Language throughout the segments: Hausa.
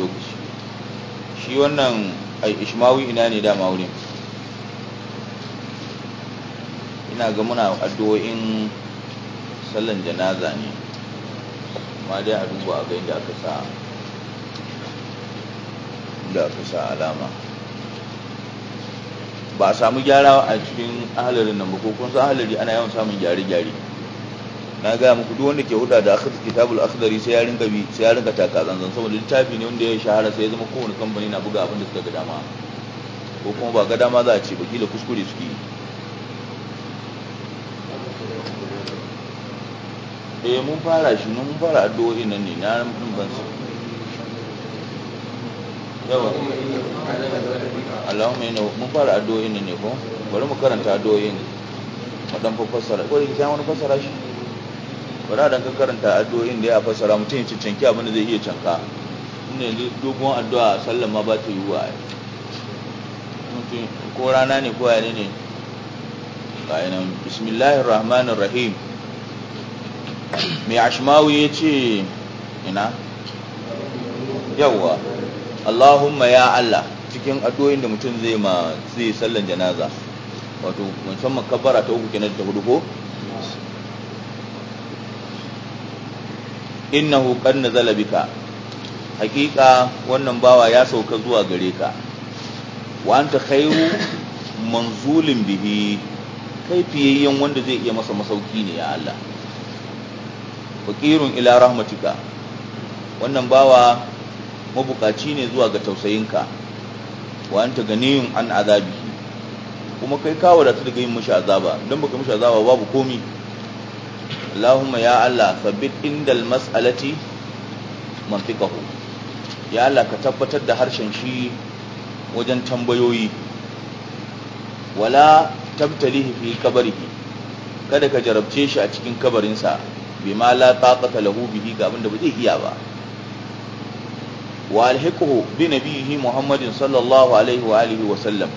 lokaci shi wannan ishmawi ina ne dama wurin ina ga muna addu'o'in sallan janaza ne amma dai a duba a ga inda aka sa alama ba a samu gyara a cikin ahalarin nan ba ko kun san ahalari ana yawan samun gyare-gyare na gaya muku duk wanda ke huda da akhir kitabul akhdari sai ya rinka bi sai ya rinka taka zanzan saboda littafi ne wanda ya shahara sai ya zama kowane kamfani na buga abin da suka ga dama ko kuma ba ga dama za a ce ba kila kuskure suke yi eh mun fara shi mun fara addu'o'in nan ne na mun ban su yawa Allahumma inna mun fara addu'o'in nan ne ko bari mu karanta addu'o'in mu dan fassara ko da wani fassara shi bara dan ka karanta addu'o'in da ya fassara mutum ya cancanki abin da zai iya canka inda yanzu dogon addu'a sallan ma ba ta yiwuwa mutum ko rana ne ko yare ne ga yana bismillahir rahmanir rahim mai ashmawi ya ce ina yawwa allahumma ya allah cikin addu'o'in da mutum zai ma zai sallan janaza wato musamman kabbara ta uku kenan ta hudu ko innahu qad nazala bika haqiqa wannan bawa ya sauka zuwa gare ka wa anta khairu manzulin bihi kai fiyayyen wanda zai iya masa masauki ne ya Allah faqirun ila rahmatika wannan bawa mabukaci ne zuwa ga tausayinka wa anta ganiyun an azabi kuma kai da su daga yin mashi azaba don baka mashi azaba babu komi Allahumma ya Allah sabbit indal mas'alati mantiqahu ya Allah ka tabbatar da harshen shi wajen tambayoyi wala tabtalihi fi kabarihi kada ka jarabce shi a cikin kabarinsa bima la taqata lahu bihi ga abinda ba zai iya ba wa alhiquhu bi nabiyhi Muhammadin sallallahu alaihi wa alihi wa sallam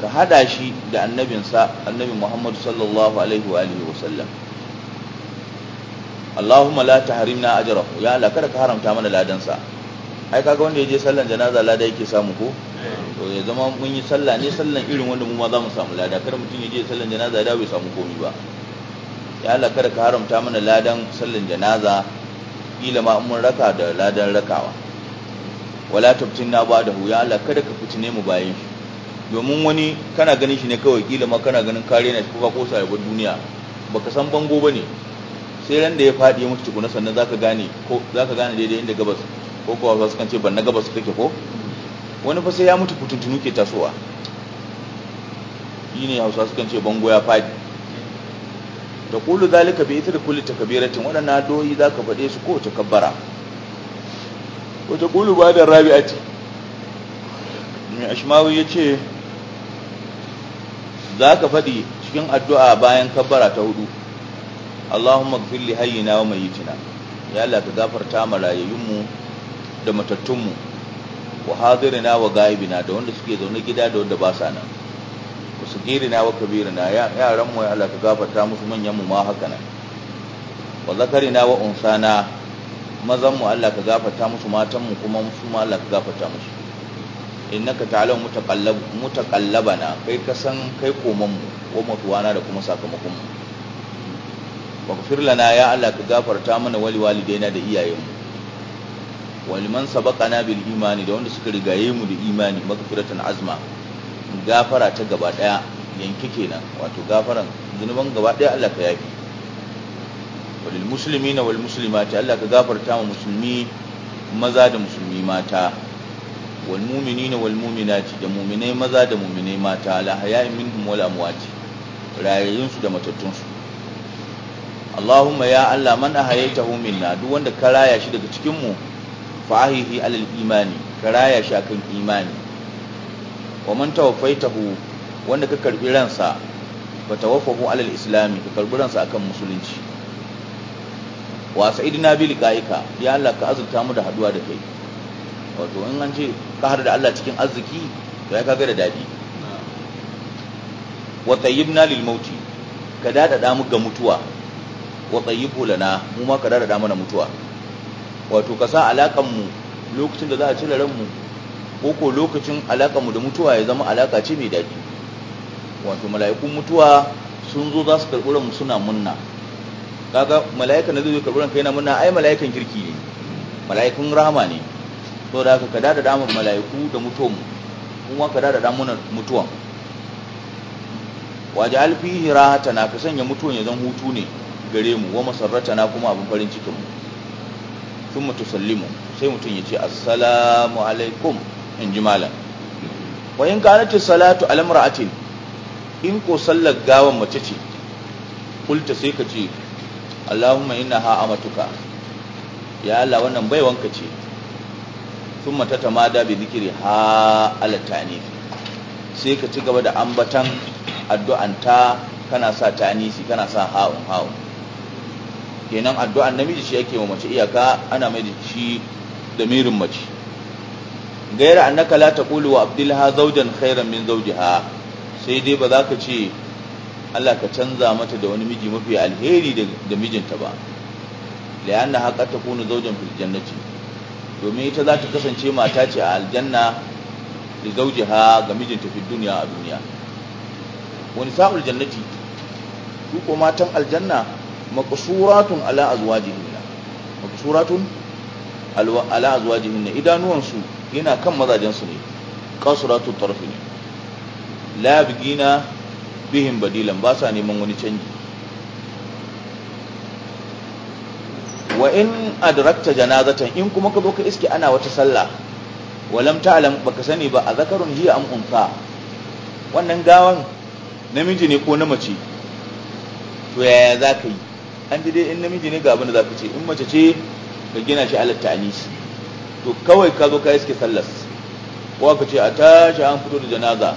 ka hada shi da annabinsa annabi Muhammad sallallahu alaihi wa alihi wa sallam Allahumma la tahrimna ajrahu ya Allah kada ka haramta mana ladansa ai kaga wanda yaje sallan janaza lada yake samu ko to ya zama mun yi sallah ne sallan irin wanda mu ma za mu samu lada kada mutum yaje sallan janaza da bai samu komai ba ya Allah kada ka haramta mana ladan sallan janaza kila ma mun raka da ladan rakawa wala tabtinna ba'dahu ya Allah kada ka fitine mu bayan shi domin wani kana ganin shi ne kawai kila ma kana ganin kare na shi ko ka kosa duniya baka san bango bane sai ran da ya faɗi ya mutu tukuna sannan zaka gane ko zaka gane daidai inda gabas ko kuwa za su kance ce ban na gabas kake ko wani fa sai ya mutu kutuntunu ke tasowa shi ne hausa su kan ce bango ya faɗi da kullu zalika bi ita da kullu takabiratin waɗannan doyi zaka faɗe su ko takabbara ko ta kullu ba da rabi'ati mai ashmawi ya ce za ka faɗi cikin addu'a bayan kabbara ta hudu Allahumma gfir li hayyina wa mayyitina ya Allah ka gafarta ma mu da mu wa hadirina wa gaibina da wanda suke zaune gida da wanda ba sa nan ku sigirina wa kabirina yaran mu ya Allah ka gafarta musu manyan mu ma haka nan wa zakarina wa unsana mazan mu Allah ka gafarta musu matan mu kuma musu ma Allah ka gafarta musu innaka ta'lamu mutaqallab mutaqallabana kai ka san kai koman mu wa mutuwana da kuma sakamakon mu waghfir lana ya Allah ka gafarta mana wali walidaina da iyayenmu waliman sabaqana bil imani da wanda suka rigaye mu da imani maghfiratan azma gafara ta gaba daya yanki kenan wato gafaran zunuban gaba daya Allah ka yafi walil muslimina wal muslimati Allah ka gafarta mu musulmi maza da musulmi mata wal mu'minina wal mu'minati da mu'minai maza da mu'minai mata la haya'in minhum wal amwati rayayyun su da matattun su Allahumma ya Allah man ahayaytahu minna duk wanda ka raya shi daga cikin mu fa alal imani ka raya shi akan imani wa man tawaffaitahu wanda ka karbi ransa fa tawaffahu alal islami ka karbi ransa akan musulunci wa sa'idina bil qaika ya Allah ka azurta mu da haduwa da kai wato in an ce ka har da Allah cikin arziki to ya kaga da dadi wa tayyibna lil mauti ka da mu ga mutuwa wa tayyibu lana mu ma ka rarrada mana mutuwa wato ka sa alakan mu lokacin da za a cire ranmu mu ko ko lokacin alakan mu da mutuwa ya zama alaka ce mai daɗi wato mala'ikun mutuwa sun zo za su karɓi ranmu mu suna munna kaga mala'ikan da zai karɓi ranka kai na munna ai mala'ikan kirki ne mala'ikun rahama ne to da haka ka dada damar mala'iku da mu, kuma ka da damar mutuwan waje ja'al fihi na ka sanya mutuwan ya zan hutu ne gare mu wa masarratana kuma abin farin cikin mu sun mutu sallimu sai mutum ya ce assalamu alaikum in ji malam wa yin kanati salatu alamra'atin in ko sallar gawan mace ce kulta sai ka ce allahumma innaha amatuka ya Allah wannan baiwanka ce sun mata ta ma bi zikiri ha alatani sai ka ci gaba da ambatan addu'anta kana sa tanisi kana sa ha'un ha'un kenan addu'an namiji shi yake wa mace iyaka ana mai da shi damirin mace gaira annaka la taqulu wa abdilha zawjan khairan min zawjiha sai dai ba za ka ce Allah ka canza mata da wani miji mafi alheri da mijinta ba lianna haqa takunu zawjan fil jannati domin ita za ta kasance mata ce a aljanna li zawjiha ga mijinta fi duniya a duniya wani sa'ul jannati su ko matan aljanna maqsuratun ala azwajihinna maqsuratun ala azwajihinna idanuwan su yana kan mazajen su ne qasuratu tarfi ne la bigina bihin badilan ba sa neman wani canji wa in adrakta janazatan in kuma ka zo ka iske ana wata sallah walam ta'lam baka sani ba a zakarun hiya am unsa wannan gawan namiji ne ko na mace to yaya za ka yi an ji dai in namiji ne ga abin da za ka ce in mace ce ka gina shi alatta anisi to kawai ka zo ka yi suke sallas wa ka ce a tashi an fito da janaza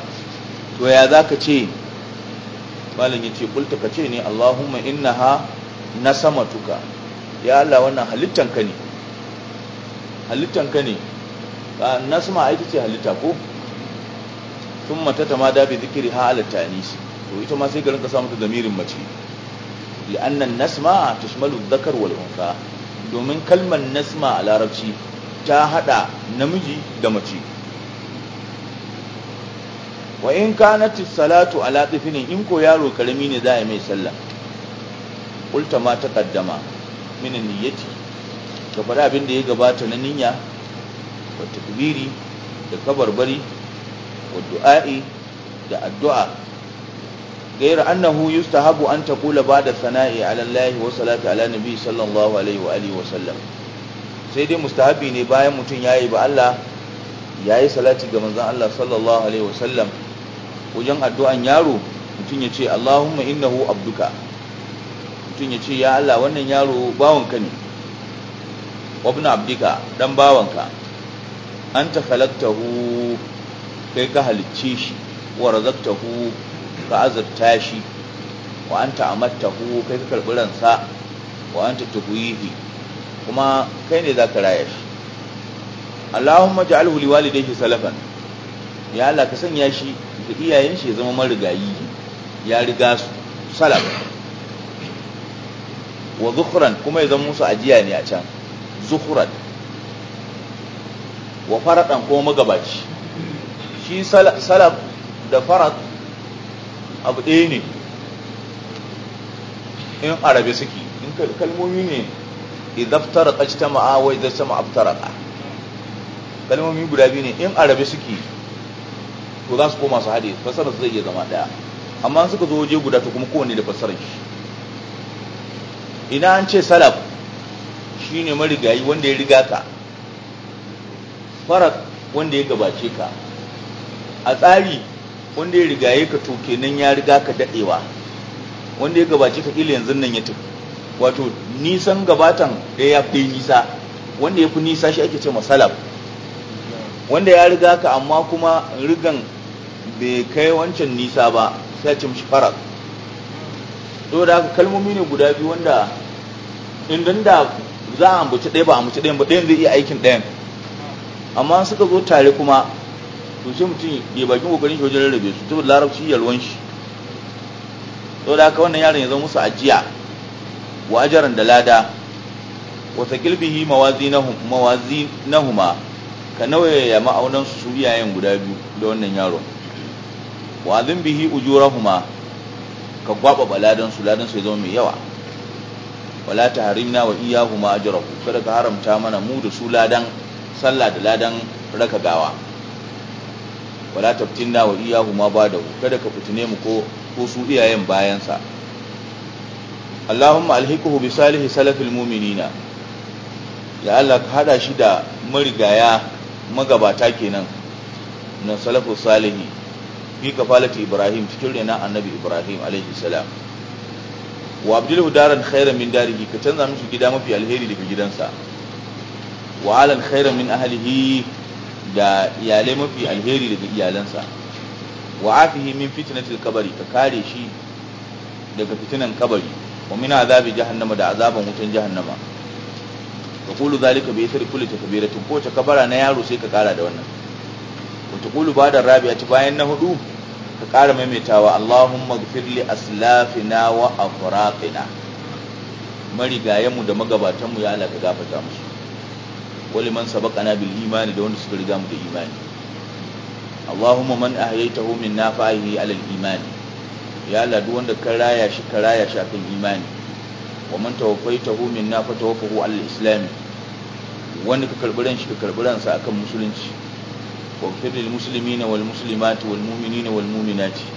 to ya za ka ce malin ya ce kulta ka ce ne allahumma inna ha na sama tuka ya allah wannan halittanka ne halittanka ne na sama aiki ce halitta ko sun mata ta ma dabe zikiri ha alatta anisi to ita ma sai garin ka samu ta zamirin mace li'annan nasma tushmalu dhakar wal unsa domin kalmar nasma a larabci ta hada namiji da mace wa in kanat salatu ala tiflin in ko yaro karami ne za a mai sallah ulta ma taqaddama min niyyati ka faɗi abin da ya gabata na niyya wa takbiri da kabarbari wa du'a'i da addu'a غير أنه يستحب أن تقول بعد الثناء على الله والصلاة على النبي صلى الله عليه وآله وسلم sai dai mustahabi ne bayan mutum ya yi ba Allah ya ga manzan Allah sallallahu alaihi wasallam wajen addu'an yaro mutum ya ce Allahumma innahu abduka mutum ya ce ya Allah wannan yaro bawanka ne wabna abdika dan bawanka an ta kai ka halicce shi wa razaqtahu ka azurta shi wa ta'amatta hu kai ka karbi ransa wa ta tuhuyihi kuma kai ne zaka raya shi Allahumma ja'alhu liwalidayhi salafan ya Allah ka sanya shi da iyayen shi ya zama marigayi ya riga su salaf wa zukhran kuma ya zama musu ajiya ne a can zukhran wa faradan kuma magabaci shi salaf da farad abu ɗaya ne in arabe suke in kalmomi ne idaftara ƙajta ma'awa idaftara ma'abtaraka kalmomi guda biyu ne in arabe suke to za su koma su haɗe fasarar zai iya zama ɗaya amma suka zo waje guda ta kuma kowane da fasarar shi ina an ce salaf shine marigayi wanda ya riga ka farak wanda ya gabace ka a tsari wanda ya rigaye ka to kenan ya riga ka dadewa wanda ya gabace ka kila yanzu nan ya tafi wato nisan gabatan da ya fi nisa wanda ya fi nisa shi ake ce masalab wanda ya riga ka amma kuma rigan bai kai wancan nisa ba sai ce mishi farak to da haka kalmomi ne guda biyu wanda indan da za a ambaci ɗaya ba a ambaci ɗayan ba ɗayan zai iya aikin ɗayan amma suka zo tare kuma to sai mutum ya bakin kokarin shi wajen rarrabe su saboda larabci ruwan shi saboda haka wannan yaron ya zama musu ajiya wa ajaran da lada wa taqilbihi mawazinahum mawazinahuma ka nauyaya ma'aunan su iyayen guda biyu da wannan yaron wa azim bihi ujurahuma ka gwaba baladan su ladan su ya zama mai yawa wala harina wa iyahuma ajrahu kada ka haramta mana mu da su ladan sallah da ladan raka gawa wala taftinna wa iyahu ma badahu kada ka fitine mu ko ko su iyayen bayansa Allahumma alhiquhu bi salihi salafil mu'minina ya Allah ka hada shi da marigaya magabata kenan na salafu salihi fi kafalati Ibrahim cikin rena annabi Ibrahim alaihi salam wa abdul hudaran khairan min darihi ka canza musu gida mafi alheri daga gidansa wa alan khairan min ahlihi da iyalai mafi alheri daga iyalansa wa afihi min fitnatil kabari ka kare shi daga fitinan kabari wa min azabi jahannama da azaban wutan jahannama ka kulu zalika bi yasri kulli takbiratin ko ta kabara na yaro sai ka kara da wannan ba da ba'da ta bayan na hudu ka kara maimaitawa Allahumma ighfir li aslafina wa afraqina marigayenmu da magabatanmu ya Allah ka gafarta musu wali man na bil imani da wanda suka riga mu da imani Allahumma man ahyaytahu min fa alal imani ya Allah duk wanda ka raya shi ka raya shi akan imani wa man tawaffaytahu min fa tawaffahu alal islam wanda ka karbi ran shi ka karbi ran sa akan musulunci wa firil muslimina wal muslimati wal mu'minina wal mu'minati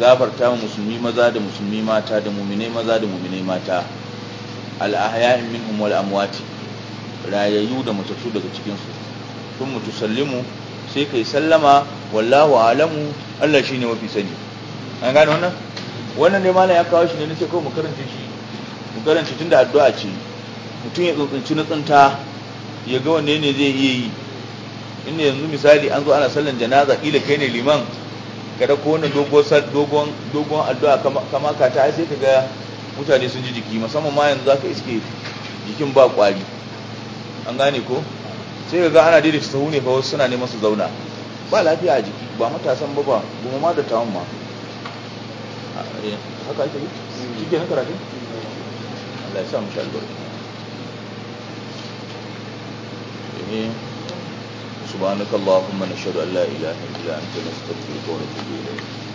gafarta wa musulmi maza da musulmi mata da mu'minai maza da mu'minai mata al ahya'in minhum wal amwati rayayyu da matattu daga cikinsu sun mutu sallimu sai kai sallama wallahu alamu Allah shi ne mafi sani an gane wannan wannan ne malam ya kawo shi ne nake ko mu karanta shi mu karanta da addu'a ce mutum ya tsuntsunci na tsunta ya ga wanne ne zai iya yi inda yanzu misali an zo ana sallan janaza ila kai ne liman kada ko wannan dogon dogon addu'a kama kata ta sai ka ga mutane sun ji jiki musamman ma yanzu zaka iske jikin ba kwari an gane ko sai ga ana daidaita su ne fa wasu suna neman su zauna ba lafiya a jiki ba matasan ba ba goma ma da tawon ma haka ake yi Kike na karatu Allah ya sa mu sha albarka سبحانك اللهم نشهد ان لا اله الا انت نستغفرك ونتوب اليك